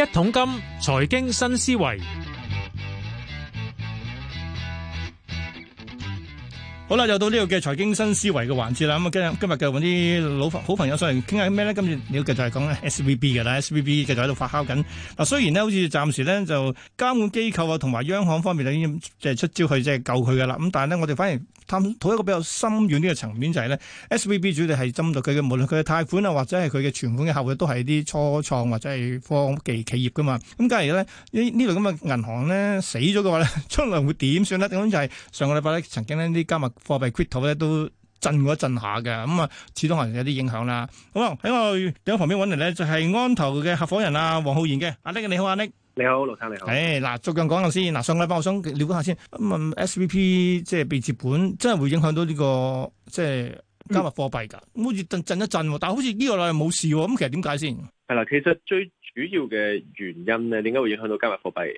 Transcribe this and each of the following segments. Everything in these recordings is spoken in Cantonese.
一桶金，財經新思維。好啦，又到呢個嘅財經新思維嘅環節啦，咁、嗯、啊，今日今日嘅揾啲老好朋友上嚟傾下啲咩咧？今次你要繼續係講 S V B 嘅啦，S V 了 B 繼續喺度發酵緊。嗱，雖然呢，好似暫時呢，就監管機構啊同埋央行方面已經即係出招去即係救佢嘅啦。咁但係呢，我哋反而探討一個比較深遠啲嘅層面就係呢 S V B 主要係針對佢嘅無論佢嘅貸款啊或者係佢嘅存款嘅客戶都係啲初創或者係科技企業噶嘛。咁假如呢呢度咁嘅銀行呢，死咗嘅話呢，將來會點算呢？咁就係、是、上個禮拜咧曾經呢啲加密貨幣 q u i t o u 咧都震一震下嘅，咁、嗯、啊始終係有啲影響啦。好啦，喺我哋電話旁邊揾人咧就係、是、安投嘅合夥人啊王浩然嘅，阿 Nick 你好，阿 Nick 你好，老生你好。誒嗱逐樣講先，嗱上個禮拜我想瞭解下先。咁、嗯、啊 SVB 即係備置本真係會影響到呢、這個即係加密貨幣㗎，嗯、好似震一震，但係好似呢個又冇事喎。咁其實點解先？係啦，其實最主要嘅原因咧，點解會影響到加密貨幣？誒，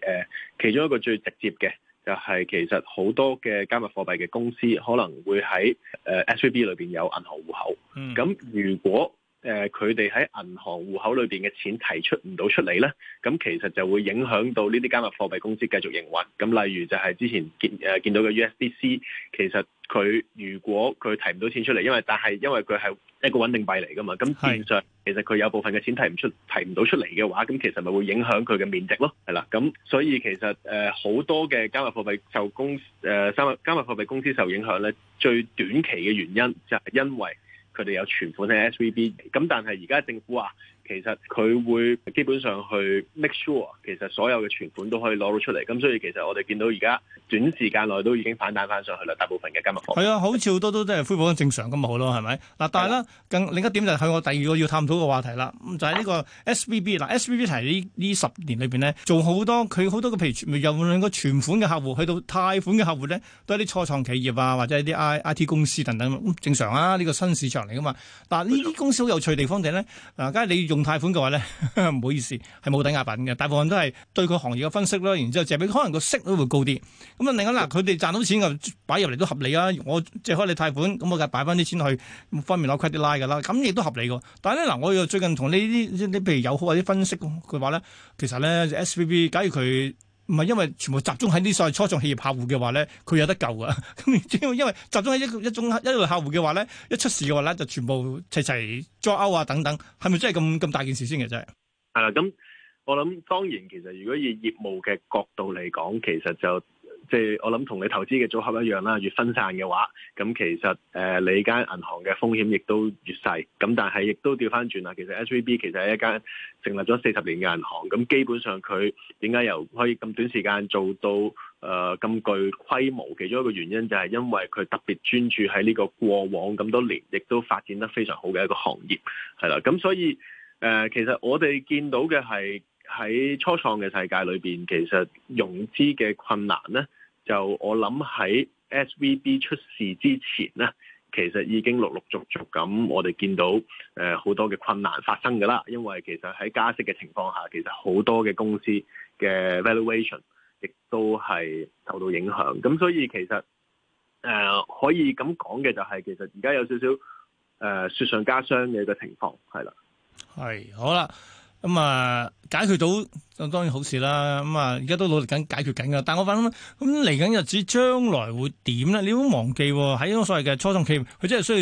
其中一個最直接嘅。就係其實好多嘅加密貨幣嘅公司可能會喺誒 SVB 裏邊有銀行戶口，咁、嗯、如果。誒佢哋喺銀行戶口裏邊嘅錢提出唔到出嚟咧，咁其實就會影響到呢啲加密貨幣公司繼續營運。咁例如就係之前見誒、呃、見到嘅 USDC，其實佢如果佢提唔到錢出嚟，因為但係因為佢係一個穩定幣嚟噶嘛，咁事實上其實佢有部分嘅錢提唔出、提唔到出嚟嘅話，咁其實咪會影響佢嘅面值咯，係啦。咁所以其實誒好、呃、多嘅加密貨幣受公誒、呃、加密加密貨幣公司受影響咧，最短期嘅原因就係因為。佢哋有存款喺 SVB，咁但係而家政府話、啊。其實佢會基本上去 make sure，其實所有嘅存款都可以攞到出嚟，咁所以其實我哋見到而家短時間內都已經反彈翻上去啦，大部分嘅金融物係 啊，好似好多都都係恢復正常咁咪、就是、好咯，係咪？嗱，但係咧，更另一點就係我第二個要探討嘅話題啦，就係、是、呢個 S V、啊、B 嗱，SVB 係呢呢十年裏邊呢，做好多佢好多嘅。譬如由兩個存款嘅客戶去到貸款嘅客戶咧，都係啲初創企業啊，或者係啲 I T 公司等等，正常啊，呢、這個新市場嚟噶嘛。但呢啲公司好有趣地方就係咧，嗱，梗係你用貸款嘅話咧，唔好意思，係冇抵押品嘅，大部分都係對佢行業嘅分析咯。然之後借俾，可能個息都會高啲。咁啊，另外嗱，佢哋賺到錢就擺入嚟都合理啊。我借開你貸款，咁我梗係擺翻啲錢去，方便攞 credit line 嘅啦。咁亦都合理嘅。但係咧嗱，我又最近同呢啲，你譬如友好或者分析佢話咧，其實咧 SVB，假如佢。唔係因為全部集中喺呢所初創企業客戶嘅話咧，佢有得救啊！咁 因因為集中喺一一種一類客戶嘅話咧，一出事嘅話咧就全部齊齊災歐啊等等，係咪真係咁咁大件事先嘅啫？係啦，咁我諗當然其實如果以業務嘅角度嚟講，其實就。即係我諗同你投資嘅組合一樣啦，越分散嘅話，咁其實誒、呃、你間銀行嘅風險亦都越細。咁但係亦都調翻轉啦，其實 SVB 其實係一間成立咗四十年嘅銀行。咁基本上佢點解又可以咁短時間做到誒咁、呃、具規模？其中一個原因就係因為佢特別專注喺呢個過往咁多年，亦都發展得非常好嘅一個行業係啦。咁所以誒、呃，其實我哋見到嘅係喺初創嘅世界裏邊，其實融資嘅困難咧。就我諗喺 S V B 出事之前呢，其實已經陸陸續續咁，我哋見到誒好、呃、多嘅困難發生噶啦。因為其實喺加息嘅情況下，其實好多嘅公司嘅、e、valuation 亦都係受到影響。咁所以其實誒、呃、可以咁講嘅就係、是，其實而家有少少誒、呃、雪上加霜嘅一個情況係啦。係好啦。咁啊、嗯，解決到就當然好事啦。咁、嗯、啊，而家都努力緊解決緊嘅。但係我煩咁嚟緊日子將來會點呢？你唔好忘記喎、哦，喺啲所謂嘅初創企業，佢真係需要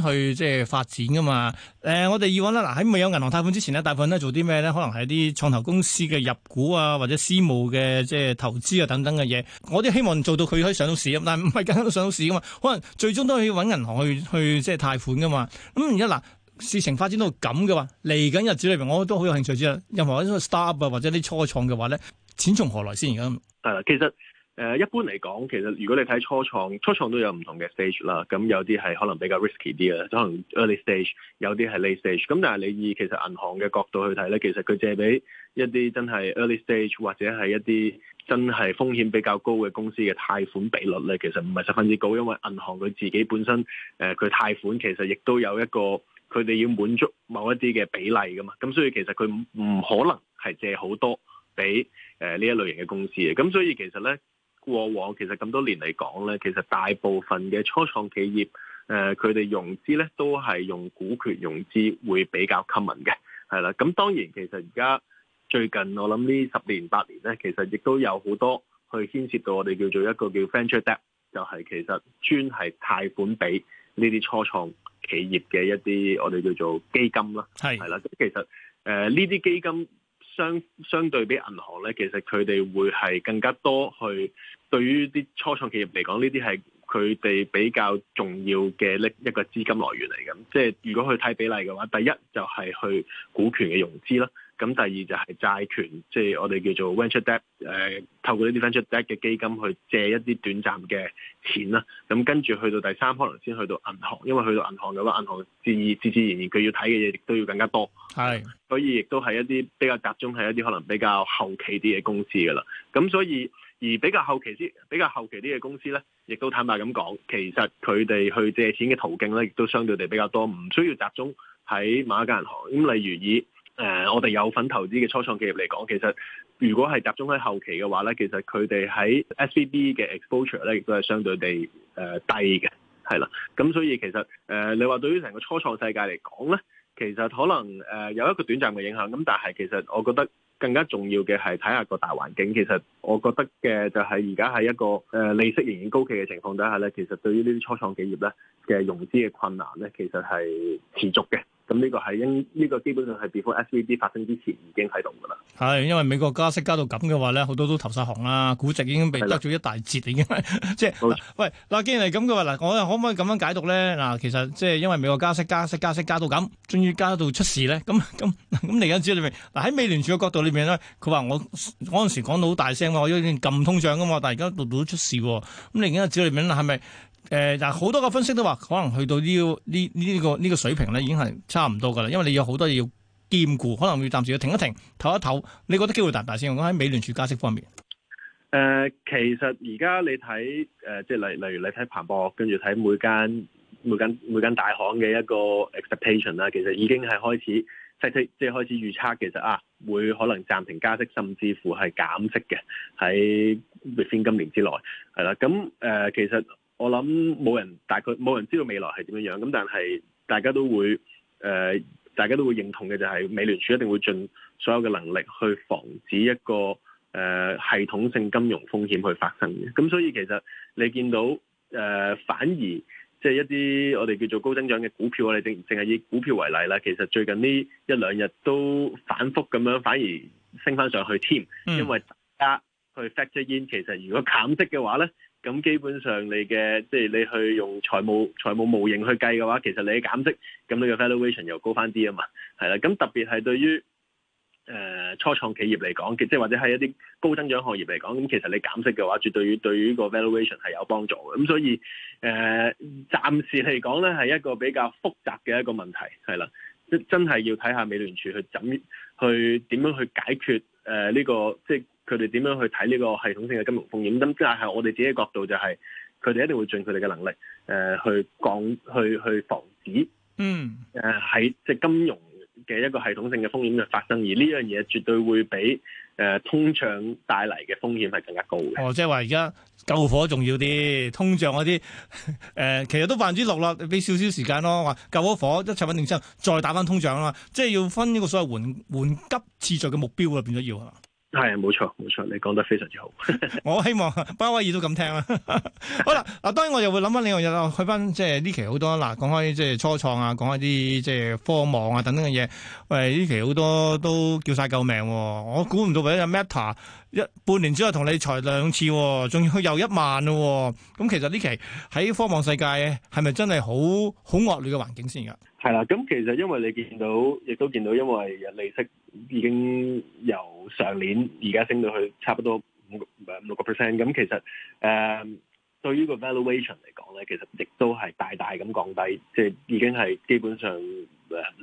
錢去即係發展噶嘛。誒、呃，我哋以往啦。嗱、呃，喺未有銀行貸款之前咧，大部分都做啲咩呢？可能係啲創投公司嘅入股啊，或者私募嘅即係投資啊等等嘅嘢。我哋希望做到佢可以上到市，但係唔係緊身都上到市噶嘛？可能最終都係要揾銀行去去即係貸款噶嘛。咁而家嗱。呃呃事情發展到咁嘅話，嚟緊日子裏邊，我都好有興趣知，只任何一啲 startup 啊，或者啲初創嘅話咧，錢從何來先？而家係啦，其實誒一般嚟講，其實如果你睇初創，初創都有唔同嘅 stage 啦。咁有啲係可能比較 risky 啲嘅，可能 early stage；有啲係 late stage。咁但係你以其實銀行嘅角度去睇咧，其實佢借俾一啲真係 early stage 或者係一啲真係風險比較高嘅公司嘅貸款比率咧，其實唔係十分之高，因為銀行佢自己本身誒佢貸款其實亦都有一個。佢哋要滿足某一啲嘅比例㗎嘛，咁所以其實佢唔可能係借好多俾誒呢一類型嘅公司嘅，咁所以其實咧過往其實咁多年嚟講咧，其實大部分嘅初創企業誒佢哋融資咧都係用股權融資會比較 common 嘅，係啦，咁當然其實而家最近我諗呢十年八年咧，其實亦都有好多去牽涉到我哋叫做一個叫 Venture Debt，就係其實專係貸款俾呢啲初創。企業嘅一啲我哋叫做基金啦，係係啦，咁其實誒呢啲基金相相對比銀行咧，其實佢哋會係更加多去對於啲初創企業嚟講，呢啲係佢哋比較重要嘅一一個資金來源嚟嘅，即係如果去睇比例嘅話，第一就係去股權嘅融資啦。咁第二就係債權，即、就、係、是、我哋叫做 venture debt，誒、呃、透過呢啲 venture debt 嘅基金去借一啲短暫嘅錢啦。咁、嗯、跟住去到第三，可能先去到銀行，因為去到銀行嘅話，銀行自自自然然佢要睇嘅嘢亦都要更加多，係，所以亦都係一啲比較集中喺一啲可能比較後期啲嘅公司噶啦。咁、嗯、所以而比較後期啲比較後期啲嘅公司咧，亦都坦白咁講，其實佢哋去借錢嘅途徑咧，亦都相對地比較多，唔需要集中喺某一間銀行。咁例如以。誒，uh, 我哋有份投資嘅初創企業嚟講，其實如果係集中喺後期嘅話咧，其實佢哋喺 SVB 嘅 exposure 咧，亦都係相對地誒、呃、低嘅，係啦。咁所以其實誒、呃，你話對於成個初創世界嚟講咧，其實可能誒、呃、有一個短暫嘅影響。咁但係其實我覺得更加重要嘅係睇下個大環境。其實我覺得嘅就係而家喺一個誒、呃、利息仍然高企嘅情況底下咧，其實對於呢啲初創企業咧嘅融資嘅困難咧，其實係持續嘅。咁呢個係因呢個基本上係 before SVB 發生之前已經喺度噶啦。係因為美國加息加到咁嘅話咧，好多都投晒行啦、啊，估值已經被得咗一大截，已經的。 即係，Okay. 喂，嗱，既然係咁嘅話，嗱，我可唔可以咁樣解讀咧？嗱，其實即係因為美國加息、加息、加息加到咁，終於加到出事咧。咁咁咁，另一知道，裏面，嗱，喺美聯儲嘅角度裏面咧，佢話我嗰陣時講到好大聲，我已經撳通脹噶嘛，但係而家度度都出事喎。咁另一方面裏面咧，係咪？是誒、呃，但好多嘅分析都話，可能去到呢呢呢個呢、這個這個水平咧，已經係差唔多噶啦，因為你有好多嘢要兼顧，可能要暫時要停一停，唞一唞。你覺得機會大唔大先？我喺美聯儲加息方面，誒、呃，其實而家你睇誒，即係例例如你睇彭博，跟住睇每間每間每間大行嘅一個 expectation 啦，其實已經係開始即係即係開始預測，其實啊，會可能暫停加息，甚至乎係減息嘅喺今年之內，係啦。咁、嗯、誒、呃，其實。我諗冇人大概冇人知道未來係點樣樣，咁但係大家都會誒、呃，大家都會認同嘅就係美聯儲一定會盡所有嘅能力去防止一個誒、呃、系統性金融風險去發生嘅。咁所以其實你見到誒、呃，反而即係一啲我哋叫做高增長嘅股票，我哋淨淨係以股票為例啦。其實最近呢一兩日都反覆咁樣，反而升翻上去添，因為大家去 factor in，其實如果減息嘅話咧。咁基本上你嘅即係你去用財務財務模型去計嘅話，其實你減息咁，你嘅 valuation 又高翻啲啊嘛，係啦。咁特別係對於誒、呃、初創企業嚟講，即係或者係一啲高增長行業嚟講，咁其實你減息嘅話，絕對於對於個 valuation 係有幫助嘅。咁所以誒、呃，暫時嚟講咧，係一個比較複雜嘅一個問題，係啦，真真係要睇下美聯儲去，去怎去點樣去解決誒呢、呃這個即係。佢哋點樣去睇呢個系統性嘅金融風險？咁但係我哋自己角度就係，佢哋一定會盡佢哋嘅能力，誒、呃、去降、去去防止。嗯。誒喺、呃、即係金融嘅一個系統性嘅風險嘅發生，而呢樣嘢絕對會比誒、呃、通脹帶嚟嘅風險係更加高嘅。哦，即係話而家救火重要啲，通脹嗰啲誒，其實都百分之六啦，俾少少時間咯。話救咗火，一切穩定之後，再打翻通脹啊嘛。即係要分呢個所謂緩緩急次序嘅目標啦，變咗要啊。係冇錯冇錯，你講得非常之好。 我希望鮑威爾都咁聽啦。 好啦，嗱，當然我又會諗翻另外一樣嘢啦。去翻即係呢期好多嗱，講開即係初創啊，講開啲即係科網啊等等嘅嘢。喂，呢期好多都叫晒救命啊。我估唔到第一隻 Meta 一半年之後同你裁兩次啊，仲要去又一萬咯。咁其實呢期喺科網世界係咪真係好好惡劣嘅環境先噶？係啦，咁、嗯、其實因為你見到，亦都見到，因為啊，利息已經由上年而家升到去差不多五，唔係五六個 percent，咁其實誒對於個 valuation 嚟講咧，其實亦都係大大咁降低，即、就、係、是、已經係基本上誒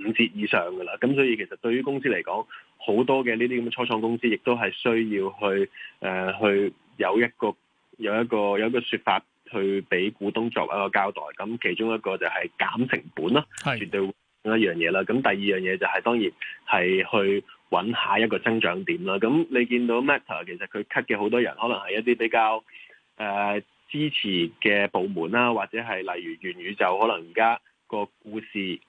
五折以上㗎啦。咁、嗯、所以其實對於公司嚟講，好多嘅呢啲咁嘅初創公司，亦都係需要去誒、呃、去有一個有一個有一個説法。去俾股東作為一個交代，咁其中一個就係減成本啦，是絕對一樣嘢啦。咁第二樣嘢就係、是、當然係去揾下一個增長點啦。咁你見到 Meta 其實佢 cut 嘅好多人，可能係一啲比較誒、呃、支持嘅部門啦，或者係例如元宇宙，可能而家個故事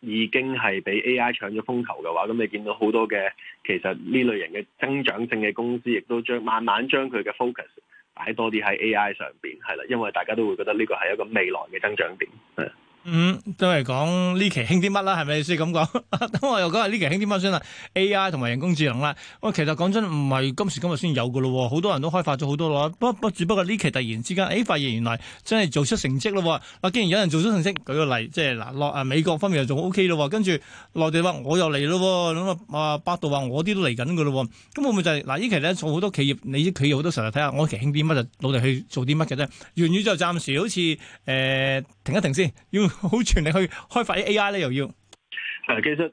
已經係俾 AI 搶咗風頭嘅話，咁你見到好多嘅其實呢類型嘅增長性嘅公司，亦都將慢慢將佢嘅 focus。擺多啲喺 AI 上邊，係啦，因為大家都會覺得呢個係一個未來嘅增長點，係。嗯，都係講呢期興啲乜啦，係咪先咁講？ 等我又講下呢期興啲乜先啦。A.I. 同埋人工智能啦，我其實講真唔係今時今日先有噶咯，好多人都開發咗好多咯。不不，只不過呢期突然之間，誒、哎，發現原來真係做出成績咯。啊，既然有人做出成績，舉個例，即係嗱、啊，美國方面又仲 O.K. 咯，跟住內地話我又嚟咯，咁啊，百度話我啲都嚟緊噶咯。咁會唔會就係、是、嗱？啊，呢期咧做好多企業，你啲企業好多時候睇下我期興啲乜就努力去做啲乜嘅啫。粵語就暫時好似誒、呃，停一停先，好全力去開發啲 AI 咧，又要。誒，其實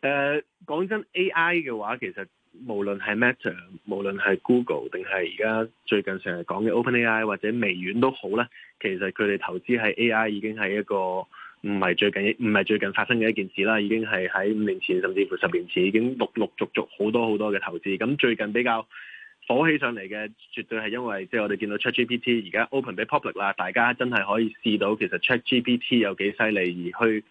誒，講真，AI 嘅話，其實無論係 Meta，無論係 Google，定係而家最近成日講嘅 OpenAI 或者微軟都好咧。其實佢哋投資喺 AI 已經係一個唔係最近一唔係最近發生嘅一件事啦。已經係喺五年前，甚至乎十年前，已經陸陸續續好多好多嘅投資。咁最近比較火起上嚟嘅，絕對係因為即係、就是、我哋見到 ChatGPT 而家 Open 俾 public 啦，大家真係可以試到其實 ChatGPT 有幾犀利，而去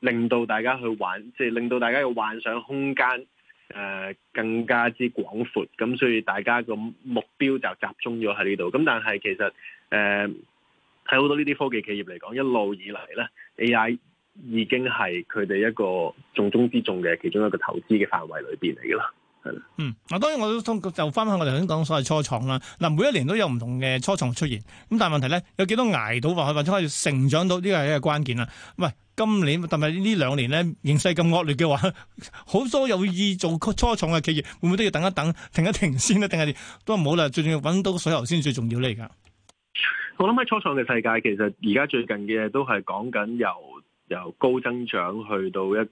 令到大家去玩，即、就、係、是、令到大家嘅幻想空間誒、呃、更加之廣闊。咁所以大家個目標就集中咗喺呢度。咁但係其實誒喺好多呢啲科技企業嚟講，一路以嚟咧 AI 已經係佢哋一個重中之重嘅其中一個投資嘅範圍裏邊嚟㗎啦。嗯，嗱，當然我都通，就翻翻我哋頭先講所謂初創啦。嗱，每一年都有唔同嘅初創出現，咁但係問題咧，有幾多挨到或、或者可以成長到呢個係一個關鍵啦。唔係今年同埋呢兩年咧，形勢咁惡劣嘅話，好多有意做初創嘅企業，會唔會都要等一等，停一停先，停一定係都唔好啦，最重要搵到水喉先最重要咧？而家我諗喺初創嘅世界，其實而家最近嘅都係講緊由，由高增長去到一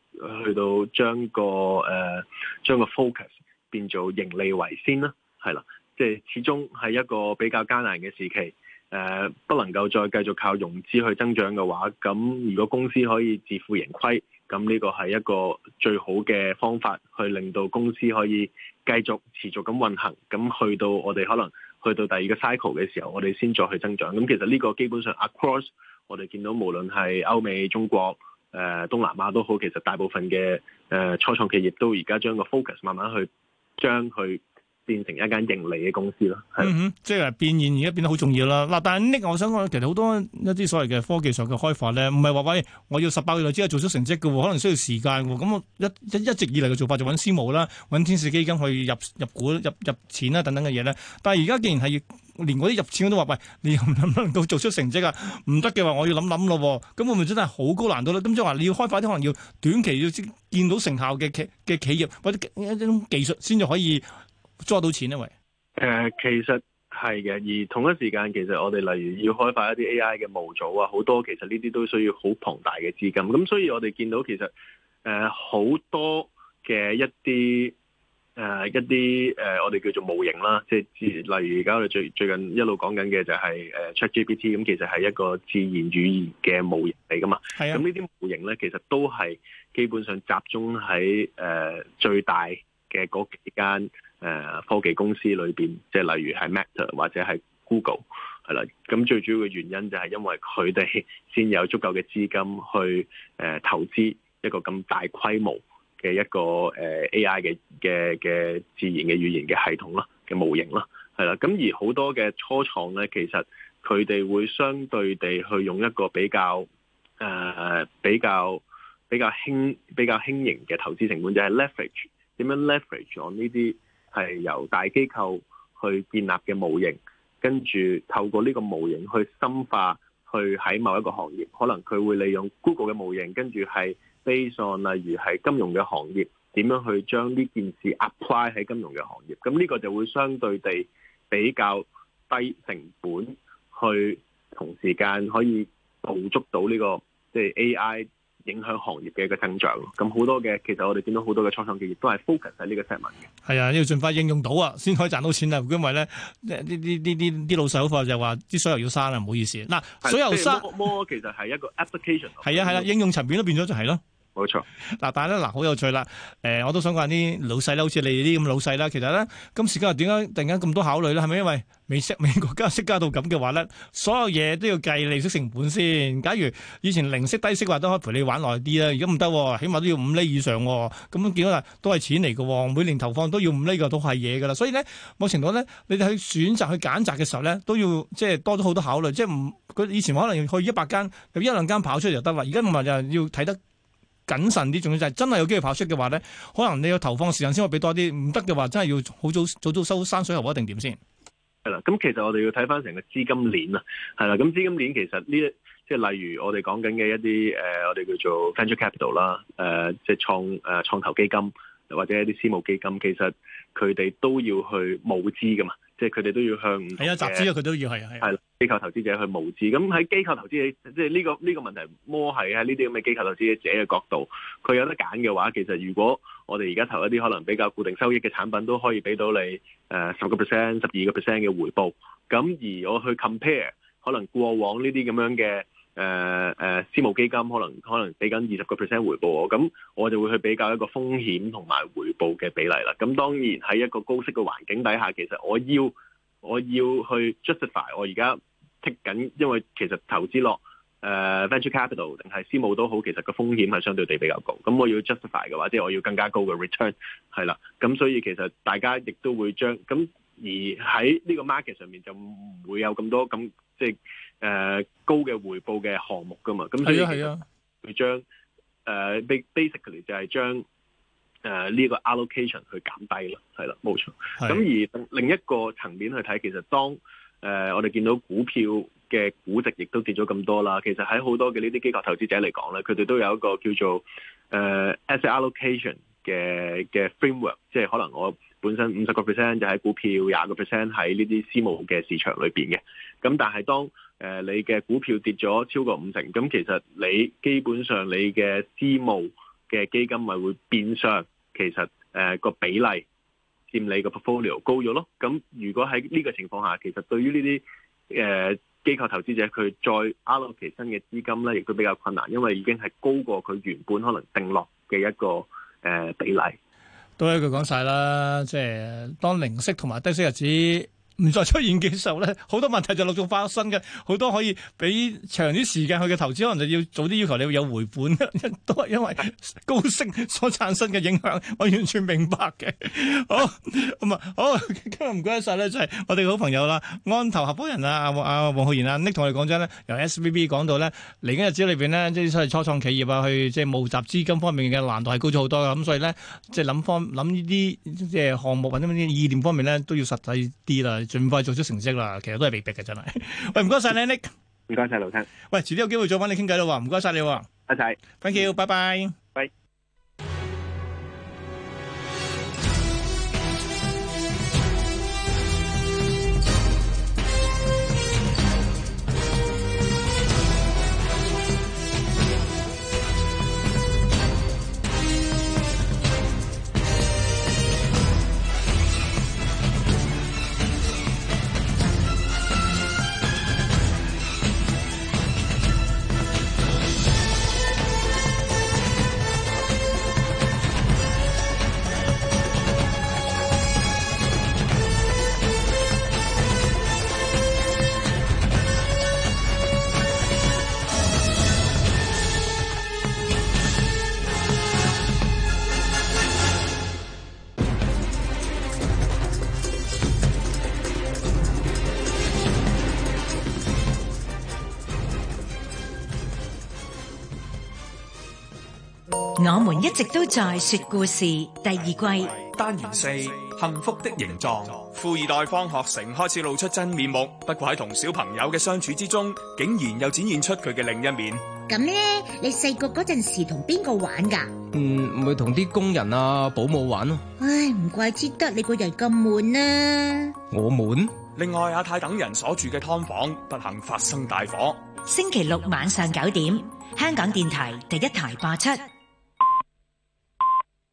去到將個誒、呃、將個 focus 變做盈利為先啦，係啦，即係始終係一個比較艱難嘅時期。誒、呃、不能夠再繼續靠融資去增長嘅話，咁如果公司可以自負盈虧，咁呢個係一個最好嘅方法，去令到公司可以繼續持續咁運行。咁去到我哋可能去到第二個 cycle 嘅時候，我哋先再去增長。咁其實呢個基本上 across。我哋見到無論係歐美、中國、誒、呃、東南亞都好，其實大部分嘅誒、呃、初創企業都而家將個 focus 慢慢去將佢變成一間盈利嘅公司咯。嗯哼，即係變現而家變得好重要啦。嗱，但係呢個我想講，其實好多一啲所謂嘅科技上嘅開發咧，唔係話喂，我要十八個月之後做出成績嘅喎，可能需要時間喎。咁我一一一直以嚟嘅做法就揾私募啦，揾天使基金去入入股、入入錢啦等等嘅嘢咧。但係而家既然係連嗰啲入錢都話：喂，你又能唔能夠做出成績啊？唔得嘅話，我要諗諗咯。咁我咪真係好高難度咯。咁即係話，你要開發啲可能要短期要見到成效嘅嘅企業或者一種技術，先至可以抓到錢，因為，誒、呃，其實係嘅。而同一時間，其實我哋例如要開發一啲 AI 嘅模組啊，好多其實呢啲都需要好龐大嘅資金。咁所以我哋見到其實誒呃，好多嘅一啲。誒、呃、一啲誒、呃、我哋叫做模型啦，即係例如而家我哋最最近一路講緊嘅就係、是、誒、呃、ChatGPT，咁其實係一個自然語言嘅模型嚟噶嘛。係啊的。咁呢啲模型咧，其實都係基本上集中喺誒、呃、最大嘅嗰幾間、呃、科技公司裏邊，即係例如係 Meta 或者係 Google 係啦。咁最主要嘅原因就係因為佢哋先有足夠嘅資金去誒、呃、投資一個咁大規模嘅一個誒 AI 嘅嘅嘅自然嘅語言嘅系統啦，嘅模型啦，係啦，咁而好多嘅初創呢，其實佢哋會相對地去用一個比較誒、呃、比較比較輕比較輕盈嘅投資成本，就係、是、leverage 點樣 leverage 咗呢啲係由大機構去建立嘅模型，跟住透過呢個模型去深化去喺某一個行業，可能佢會利用 Google 嘅模型，跟住係。非例如係金融嘅行業，點樣去將呢件事 apply 喺金融嘅行業？咁呢個就會相對地比較低成本，去同時間可以捕捉到呢、呢個即係 AI 影響行業嘅一個增長。咁好多嘅其實我哋見到好多嘅初創企業都係 focus 喺呢個 segment 嘅。係啊，要盡快應用到啊，先可以賺到錢啊！因為咧，呢呢呢呢啲老細嗰份就話啲所油要刪啦、啊，唔好意思。嗱、啊，水油刪，即係其實係一個 application。係啊係啦，應用層面都變咗就係咯。冇錯，嗱但係咧，嗱好有趣啦，誒、呃，我都想講啲老細啦，好似你哋啲咁老細啦，其實咧，今時今日點解突然間咁多考慮咧？係咪因為美息美國加息加到咁嘅話咧，所有嘢都要計利息成本先。假如以前零息低息嘅話，都可以陪你玩耐啲啦。而家唔得，起碼都要五厘以上。咁見到都係錢嚟嘅，每年投放都要五厘嘅都係嘢㗎啦。所以咧，某程度咧，你哋去選擇去揀擇嘅時候咧，都要即係多咗好多考慮。即係唔以前可能去一百間一兩間跑出嚟就得啦，而家唔係就要睇得謹慎啲，仲要就係真係有機會跑出嘅話咧，可能你要投放時間先可以俾多啲，唔得嘅話，真係要好早早早收山水，唔確定點先。係啦，咁其實我哋要睇返成個資金鏈啊，係啦，咁資金鏈其實呢，即係例如我哋講緊嘅一啲誒、呃，我哋叫做 venture capital 啦，誒，即係創誒、呃、創投基金或者一啲私募基金，其實佢哋都要去募資㗎嘛。即係佢哋都要向係啊集資啊，佢都要係係機構投資者去募資。咁喺機構投資者，即係呢個呢個問題，摸係啊呢啲咁嘅機構投資者嘅角度，佢有得揀嘅話，其實如果我哋而家投一啲可能比較固定收益嘅產品，都可以俾到你誒十個 percent、十二個 percent 嘅回報。咁而我去 compare 可能過往呢啲咁樣嘅。誒誒，uh, uh, 私募基金可能可能俾緊二十個 percent 回報我，咁我就會去比較一個風險同埋回報嘅比例啦。咁當然喺一個高息嘅環境底下，其實我要我要去 justify 我而家 take 緊，因為其實投資落誒、uh, venture capital 定係私募都好，其實個風險係相對地比較高。咁我要 justify 嘅話，即係我要更加高嘅 return 係啦。咁所以其實大家亦都會將咁。而喺呢個 market 上面就唔會有咁多咁即係誒、呃、高嘅回報嘅項目㗎嘛，咁的所以其實佢將誒 basically 就係將誒呢個 allocation 去減低咯，係啦，冇錯。咁的而另一個層面去睇，其實當誒、呃、我哋見到股票嘅估值亦都跌咗咁多啦，其實喺好多嘅呢啲機構投資者嚟講咧，佢哋都有一個叫做誒、呃、asset allocation 嘅嘅 framework，即係可能我。本身五十個 percent 就喺、是、股票，廿個 percent 喺呢啲私募嘅市場裏邊嘅。咁但係當誒你嘅股票跌咗超過五成，咁其實你基本上你嘅私募嘅基金咪會變相其實誒個、呃、比例佔你個 portfolio 高咗咯。咁如果喺呢個情況下，其實對於呢啲誒機構投資者，佢再 allocate 新嘅資金咧，亦都比較困難，因為已經係高過佢原本可能定落嘅一個誒、呃、比例。都一句講晒啦，即係當零息同埋低息日子，唔再出現嘅時候咧，好多問題就陸續發生嘅，好多可以俾長啲時間去嘅投資，可能就要早啲要求你會有回本，都係因為高息所產生嘅影響。我完全明白嘅。好咁啊，好，好今日唔該晒咧，就係、是、我哋嘅好朋友啦，安投合夥人啊，阿阿王浩然啊，Nick 同我哋講真呢，由 SVB 講到呢，嚟緊日子裏邊呢，即係初創企業啊，去即係募集資金方面嘅難度係高咗好多嘅，咁所以呢，即係諗方諗呢啲即係項目或者乜嘢意念方面呢，都要實際啲啦。盡快做出成績啦，其實都係被迫嘅，真係。 喂，唔該晒，Alex，唔該晒，劉生。喂，遲啲有機會再揾你傾偈啦，唔該晒你，阿仔謝，Thank you，拜拜，嗯。我們一直都在說故事第二季單元四，幸福的形狀。富二代方學成開始露出真面目，不過喺同小朋友嘅相處之中，竟然又展現出佢嘅另一面。咁呢，你細個嗰陣時同邊個玩噶？嗯，唔會同啲工人啊、保姆玩咯。唉，唔怪之得你個人咁悶啊。我悶。另外，阿泰等人所住嘅劏房不幸發生大火。星期六晚上九點，香港電台第一台播出。